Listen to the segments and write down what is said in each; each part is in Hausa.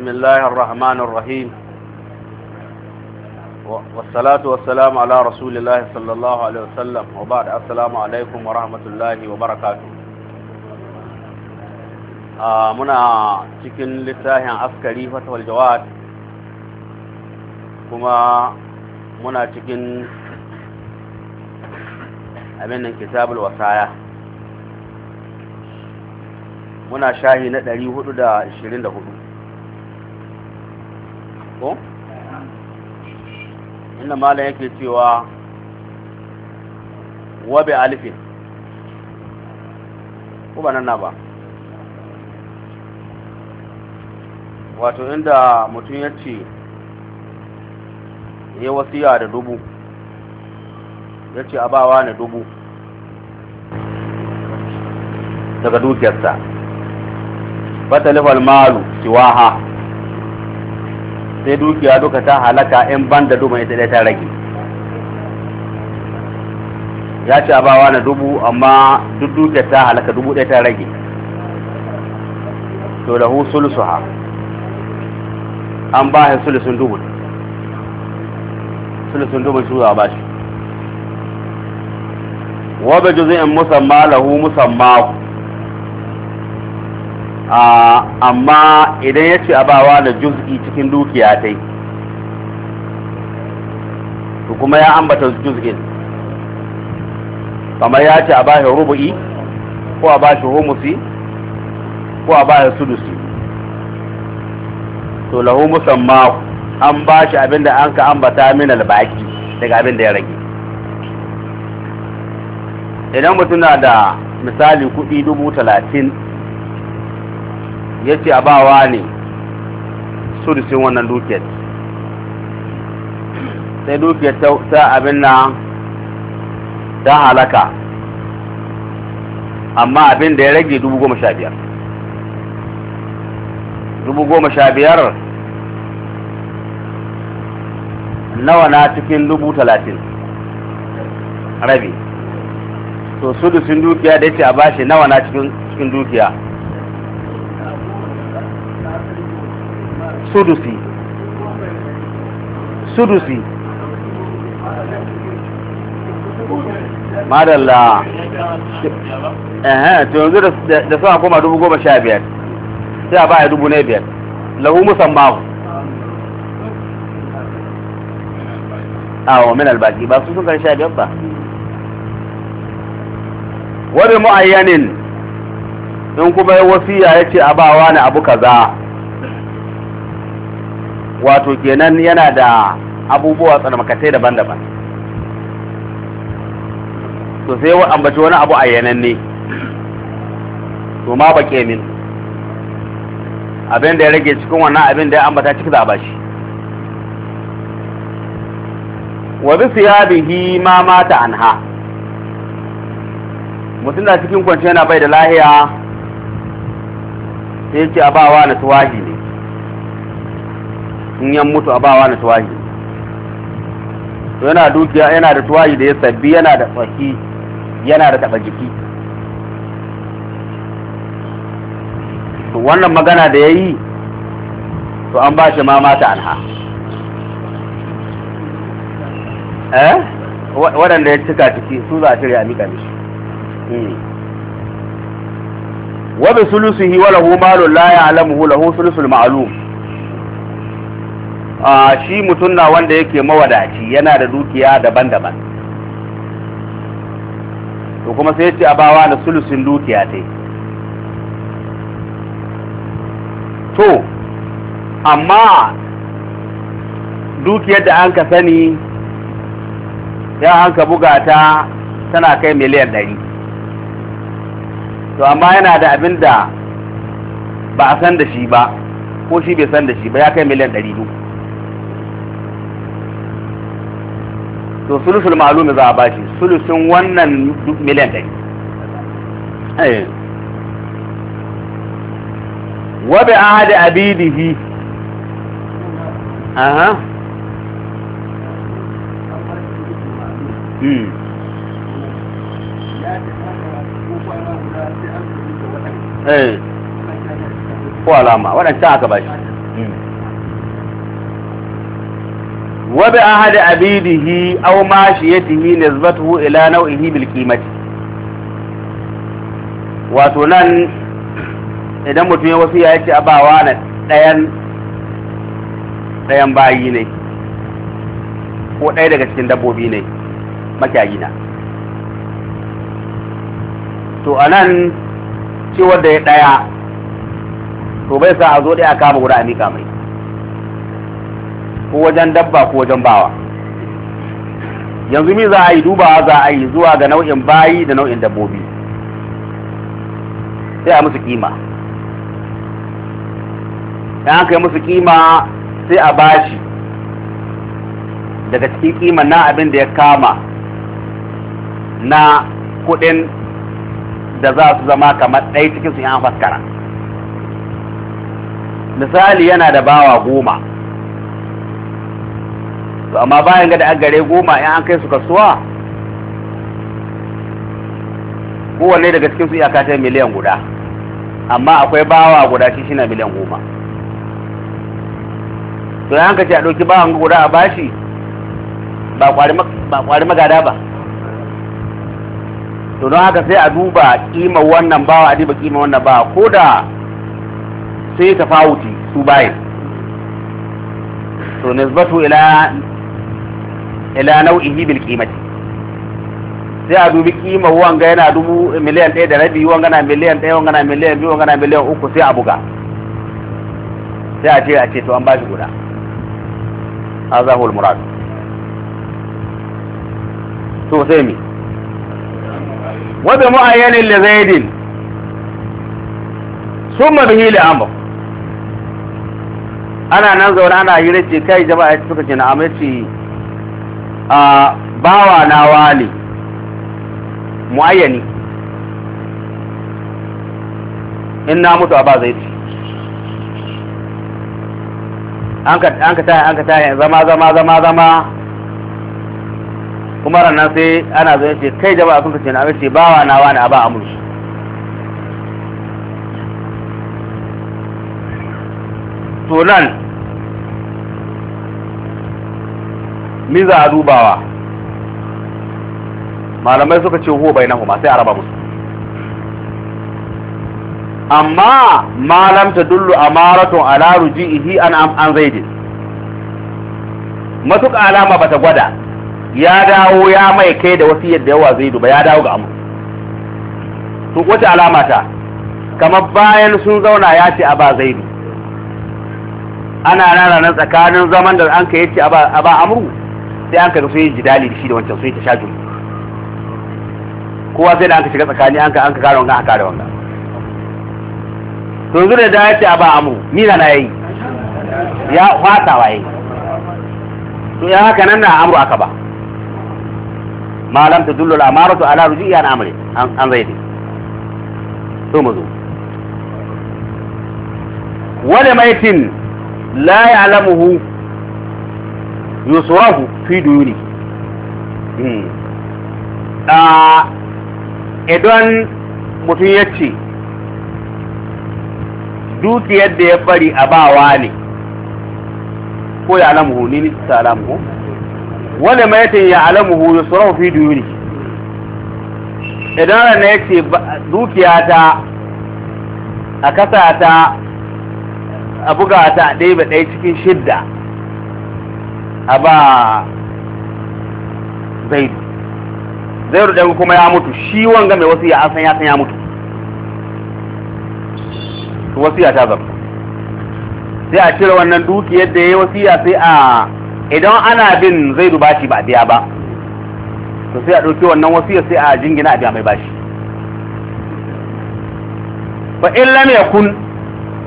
بسم الله الرحمن الرحيم والصلاة والسلام على رسول الله صلى الله عليه وسلم وبعد السلام عليكم ورحمة الله وبركاته منا cikin littafin askari fatwal jawad kuma muna cikin abin nan kitabul wasaya muna shahi na 424 ko inda malam yake cewa wabe alifin ko ba nan na ba wato inda mutum ya ce ya wasiya da dubu ya ce abawa na dubu daga dukiyarsa fatalifar malu siwaha sai dukiya duka ta halaka in ban da duma ita ɗaya ta rage ya ce bawa na dubu amma duk dukiya ta halaka dubu ɗaya ta rage to da sulusu ha an ba shi sulusun dubu sulusun dubu shi ba shi wa bi in musamma lahu musamma Ah, amma idan ya ce abawa da juz'i cikin dukiya ta yi kuma ya ambata juz'in kamar ya ce a ba shi rubu'i ko a ba shi humusi ko a ba shi sudusi to lahu ma an ba shi abinda an ka ambata min albaki daga abin da ya rage idan mutum na da misali kudi dubu talatin ya ce a bawa ne sun wannan dukiyar sai dukiyar ta abin na ta halaka amma abin da ya rage dubu goma sha biyar dubu goma sha biyar nawa na cikin dubu talatin rabi to su da sun dukiya da ya ce a bashi nawa na cikin dukiya sudusi sudusi madalla to yanzu da suna koma dubu goma sha biyar sai a baya dubu na biyar lahu musamman awo min albaki ba su sun kan sha biyar ba wani mu'ayyanin in kuma ya wasiya ya ce a bawa ni abu kaza wato kenan yana da abubuwa tsarmakatai daban-daban to sai wa ambaci wani abu ne to ma baƙe min abin da ya rage cikin wannan abin da ya ambata cikin da bashi wa bi bihi ma mata anha mutum na cikin kwanci yana bai da lahiya sai ce abawa na tuwahi ne in yan mutu a bawa na tuwahi yana dukiya yana da tuwahi da ya sabbi yana da tsaki yana da taba jiki to wannan magana da ya yi to an ba shi mamata mata anha eh waɗanda ya cika ciki su za a shirya a mika mishi hmm. wa bi sulusihi wa lahu malun la ya'lamuhu lahu sulusul ma'lum shi mutum na wanda yake mawadaci yana da dukiya daban-daban to kuma sai ce abawa da sulusin dukiya dai to amma dukiyar da an ka sani ya an ka buga ta tana kai miliyan ɗari to amma yana da abin da ba a san da shi ba ko shi bai san da shi ba ya kai miliyan ɗari duk to sulusul ma'lumi za a ba shi sulusun wannan miliyan ɗari eh. wa bi ahadi abidihi aha hmm eh. ko alama waɗancan aka bashi wa bi ahadi abidihi aw mashiyatihi nisbatuhu ila naw'ihi bil qimati wato nan idan mutum ya wasiya yace abawa na ɗayan ɗayan bayi ne ko ɗaya daga cikin dabbobi ne makiyayi na to anan cewar da ya ɗaya to bai sa a zo ɗaya a kama guda a mika mai ko wajen dabba ko wajen bawa yanzu mi za a yi dubawa za a yi zuwa ga nau'in bayi da nau'in dabbobi sai a musu kima in an kai musu kima sai a bashi daga cikin kima na abin da ya kama na kudin da za su zama kamar ɗaya cikin su yan faskara misali yana da bawa goma to amma bayan ga da an gare goma in an kai su kasuwa kowanne daga cikin su iyaka ta miliyan guda amma akwai bawa guda shi shi na miliyan goma to yan ka ce a ɗauki bawan guda a bashi ba kwari magada ba to don haka sai a duba kima wannan bawa a duba kima wannan bawa ko da sai tafawuti su bayan to nisbatu ila ila nau'ihi bil qimati sai a dubi kima wanga yana dubu miliyan ɗaya da rabi wanga na miliyan ɗaya wanga na miliyan biyu wanga na miliyan uku sai a buga sai a ce a ce to an bashi guda azahul murad to sai mi wa bi mu'ayyanin li zaidin summa bihi li amr ana nan zaune ana yi ce kai jama'a suka ce na amince a bawa na wale muayyani in na mutu a ba zai ci an ka taya an ka zama zama zama zama kuma ranar sai ana zai ce kai jama'a sun kace na ce bawa na wani a ba amur to nan ni za a dubawa malamai suka ce huwa bainahuma sai a raba musu amma malam ta dullu laru ala ruji'ihi an an zaidin matuƙa alama bata gwada ya dawo ya mai kai da wasu yadda yawa zaidu ba ya dawo ga amur su wace alama ta kamar bayan sun zauna ya ce a ba zaidu ana rana tsakanin zaman da an ka yace a ba amuru sai an ka sai jidali da shi da wancan sai ta sha juna kowa sai da an shiga tsakani an ka an ka kare wanga an kare wanga to zure da yace ya a ba amu ni na yayi ya fata waye to ya haka nan na amru aka ba malam ta dullu al al'amaratu ala ruji'i an amri an zaidi to mu zo wani maitin la ya'lamuhu yusrahu fi duyuni hmm. idan mutum ya ce dukiyar da ya bari a bawa ne ko ya alamuhu ni ni ta alamuhu wanda maitin ya alamuhu ya tsoron fi ne idan rana ya ce dukiya ta a kasa ta a buga ta a ɗaya ba ɗaya cikin shidda a ba zaidu zaidu ɗan kuma ya mutu shi wanga mai wasu ya san ya san ya mutu wasiya ta zama sai a cire wannan dukiyar da ya yi wasiya sai a idan ana bin zaidu bashi ba biya ba to sai a ɗauki wannan wasiyar sai a jingina a biya mai bashi fa in lam yakun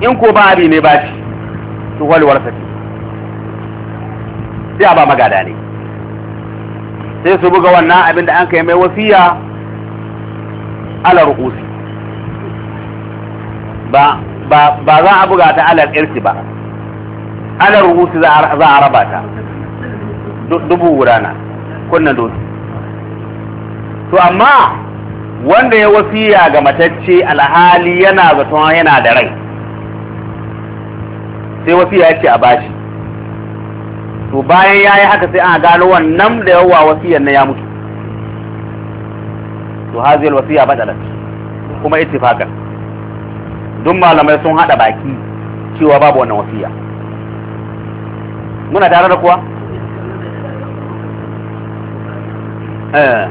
in ko ba abi mai bashi to wal warasati sai a ba magada ne sai su buga wannan abin da an kai mai wasiya ala ru'usi ba ba za a buga ta ala irsi ba ala ru'usi za a raba ta dubu gudana kunnan dole to amma wanda ya wasiya ga matacce alhali yana zaton yana da rai sai wasiya ya ce a bashi to bayan ya yi haka sai an gano wannan da yawa wasiyar na ya mutu to haziyar wasiya badalat kuma ittifaqan duk malamai sun hada baki cewa babu wannan wasiya muna tare da kuwa eh.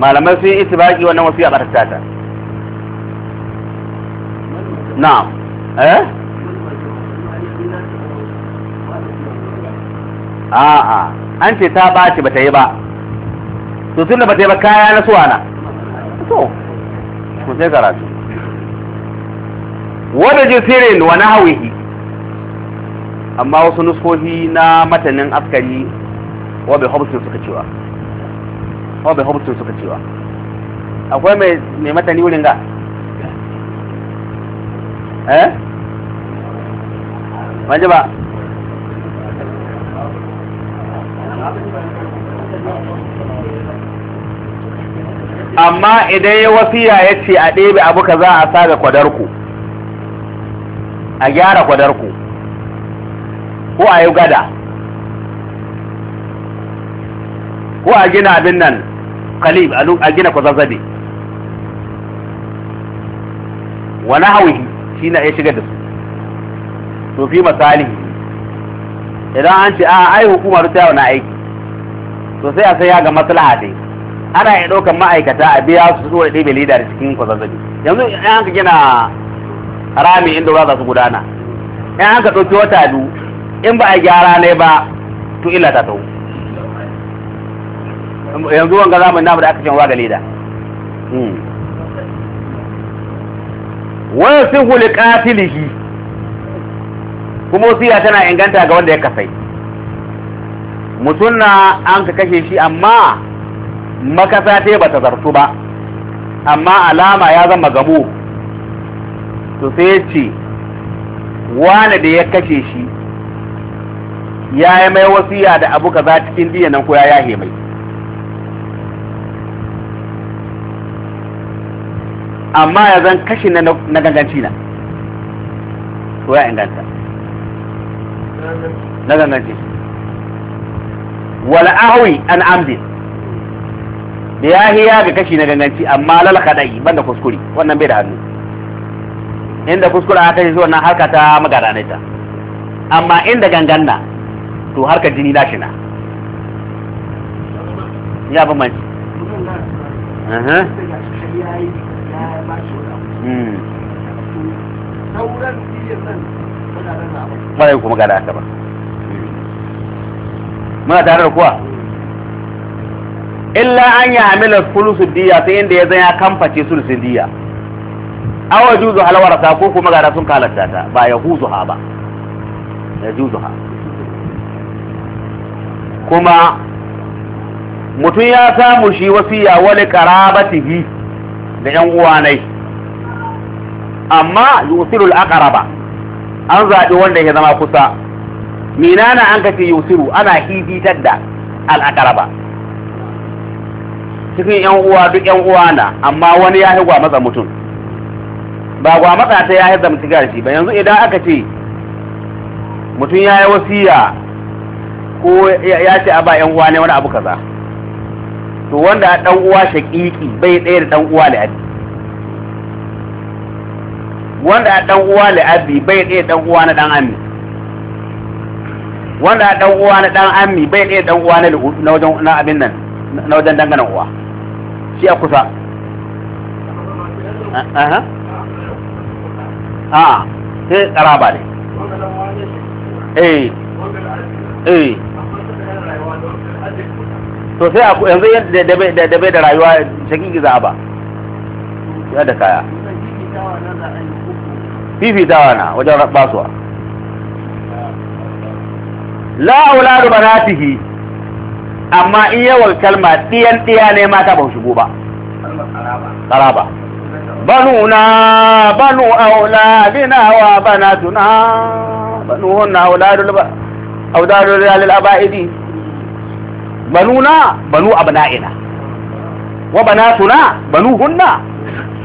malamai sun yi baki wannan wasiya ba ta tata na'am eh a'a an ce ta ɓaci ba ta yi ba to tun da yi ba kaya na suwa na to ku sai karatu wanda jisirin wa nahawihi amma wasu nuskohi na matanin askari wa bai hobson suka cewa wa bai hobson suka cewa akwai mai mai matani wurin ga eh? manje ba, amma idan ya wasiya ya ce a ɗebe abu ka za a sa da kwadarku a gyara kwadarku ko a yi gada ko a gina abin nan kalib a gina zazzabe wani hauhi shi na ya shiga da su su fi misali idan an ce a ai hukumar ta na aiki to sai a ya ga maslaha dai ana iya ɗaukar ma'aikata a biya su zuwa ɗebe leda da cikin kwazazzabi yanzu in an ka gina rami inda ruwa za su gudana in an ka ɗauki wata biyu in ba a gyara ne ba to illa ta tau yanzu wanga mu namu da aka shanwa ruwa ga leda hmm. wani sun huli katilihi kuma wasiya tana inganta ga wanda ya kasai mutum na an ka kashe shi amma makasa ta ba ta zartu ba amma alama ya zama gamo to sai ce wani da ya kashe shi ya yi mai wasiya da abu kaza cikin diya nan ko ya yahe mai amma ya zan kashe na ganganci na to ya inganta na ganganci wala ahwi an amdi da ya hiya ga kashi na ganganci amma lal kadai banda kuskure wannan bai da hannu inda kuskure aka yi wannan harka ta ne ta amma inda ganganna to harkar jini da shi na shina ya bi manci hmm. sauran kuma gada aka ba muna tare da kuwa illa an yi hamilar sulusu diya sai inda ya zan ya kamface sulusu diya awa juzu halawar ta ko kuma gara sun kalatta ta ba ya huzu ha ba ya juzu ha kuma mutum ya samu shi wasiya wani karabatihi da yan uwanai amma yusirul aqraba an zaɓi wanda ya zama kusa minana an kace yusiru ana hiditar da al'akaraba cikin yan uwa duk yan uwa na amma wani ya higwa matsa mutum ba gwa matsa ta ya hizam tigar shi ba yanzu idan aka ce mutum ya yi wasiya ko ya ce a ba yan uwa ne wani abu kaza to wanda dan uwa shaƙiƙi bai ɗaya da dan uwa la'adi wanda dan uwa la'adi bai da dan uwa na dan ami wanda dan uwa na dan ammi bai ɗaya dan uwa na wajen na abin nan na wajen dangana uwa shi a kusa a sai karaba ne eh eh to sai a yanzu da bai da rayuwa shakiki giza ba ya da kaya fifitawa na wajen basuwa la auladu banatihi amma in yawal kalma ɗiyan ɗiya ne mata ba shigo ba qaraba banuna banu auladina wa banatuna banuna auladul auladul lil abaidi banuna banu abna'ina wa banatuna banuhunna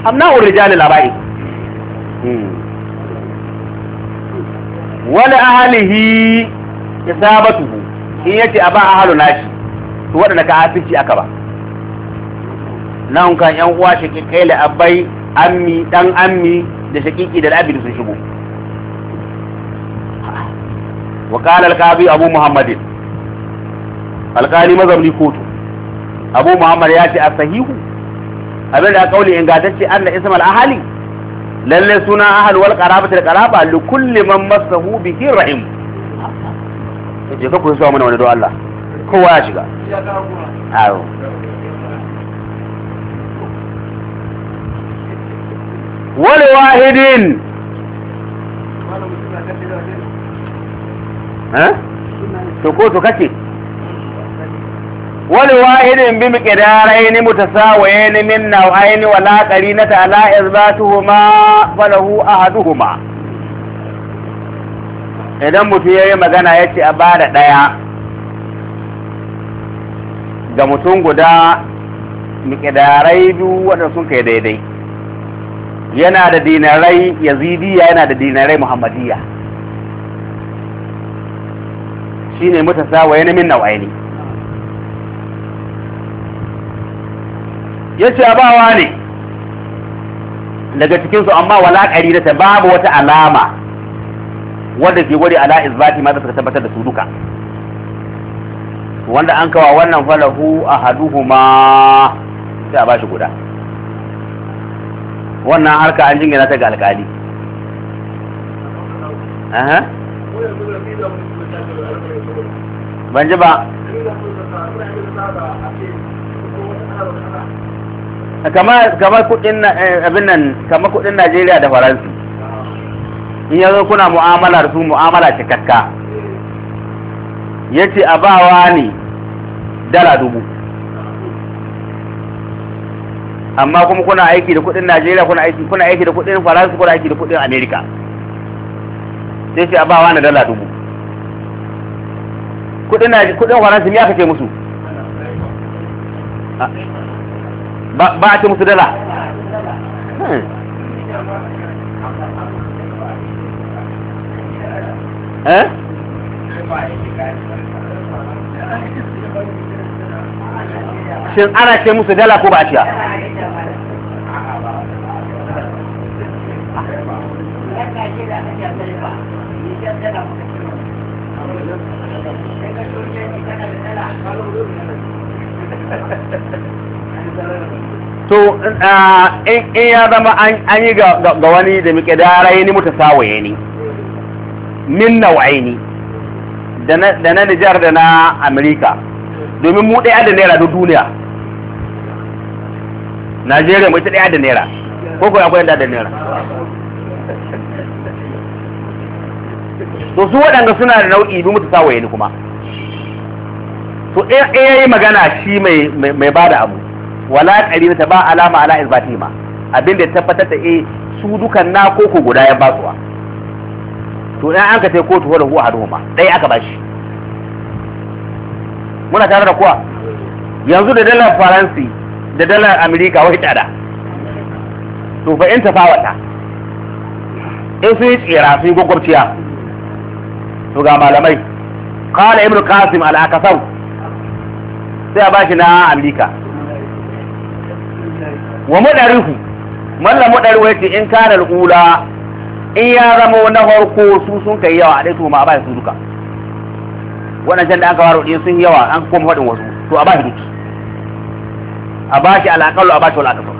abna'ur rijalil abaidi hmm. wala ahlihi isabatuhu in yace a ba ahalu nashi to wadanda ka asirci aka ba nan kan yan uwa shi kai la abai ammi dan ammi da shakiki da abin sun shigo wa qala al-qadi abu muhammadin alqali mazamli kotu abu muhammad ya ce as-sahihu abin da kauli ingantacce anna ismal ahali lalle suna ahal wal qarabati al qaraba li kulli man massahu bihi rahim je ka koyi zuwa mana wani don Allah kowa ya shiga ayo wani wahidin eh? to ko to kake wani wahidin bi miqdaraini mutasawayin min nawaini wala qarinata ala izbatuhuma falahu ahaduhuma idan mutum ya yi magana ya ce a ba da ɗaya ga mutum guda miƙidarai biyu waɗanda sun kai daidai yana da dinarai yazidiya yana da dinarai muhammadiyya shi ne sawa yana min ne ya ce abawa ne daga cikinsu amma walaƙari da ta babu wata alama wanda ke gwada ala isbati ma suka tabbatar da su duka wanda an kawa wannan falahu ahaduhuma sai a bashi guda wannan harka an jingina ta ga alkali ban ji ba kamar kudin eh, Najeriya da Faransa in yazo kuna mu'amala da su mu'amala cikakka yace a bawa ne dala dubu amma kuma kuna aiki da kudin Najeriya kuna aiki kuna aiki da kudin Faransa kuna aiki da kudin Amerika sai ce a bawa ne dala dubu kudin Najeriya kudin Faransa me aka ce musu ba a ce musu dala hmm. Eh? shin ana ce musu dala ko ba a to ah, in ya zama an yi ga wani da muke rayu ni mutu sawaye ni min nawaini da na Nijar da na Amerika domin mu ɗaya da naira duk duniya Najeriya mu ita ɗaya da naira ko ko akwai da naira to su waɗanda suna da nau'i bi mutu sawaye ni kuma to ɗaya ya yi magana shi mai ba da abu wala ƙari ta ba alama ala izbatima Abinda ya tabbatar da eh su dukan na koko guda ya basuwa to in an ka ce kotu wa lahu ahaduhuma dai aka bashi muna tare da kuwa yanzu da dalar faransi da dalar amerika wai tsada to fa in tafawata in sun yi tsira sun yi gwagwabciya to ga malamai kala ibn kasim al sai a bashi na amerika wa madarihu mallam mudarihu yake in kana al'ula in ya zama na harko su sun kai yawa a dai to ma a ba su duka waɗancan da an waro din sun yawa an koma faɗin wasu to a ba shi duki a ba shi alaƙalu a ba shi wal'akasau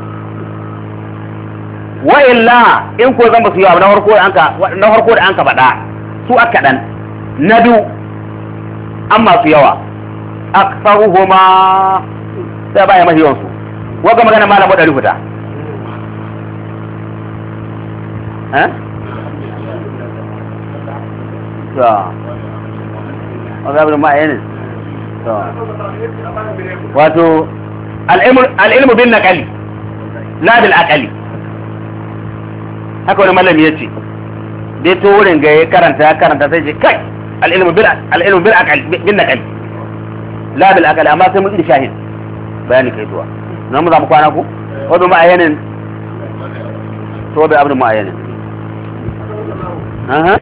wa illa in ko zan ba su yawa na harko da an ka na farko da an ka faɗa su aka dan na biyu an masu yawa aksaruhuma sai ba ya mahi yawansu su ga magana malam wadari fita to azabul ma'ayin to wato al'ilmu bin naqali la bil aqali haka wani malami ce, dai to wurin ga ya karanta ya karanta sai ce kai al'ilmu bil al'ilmu bil aqali bin naqali la bil aqali amma sai mun yi shahid bayani kai zuwa nan mu za mu kwana ku wato ma'ayinin to bai abin ma'ayinin aha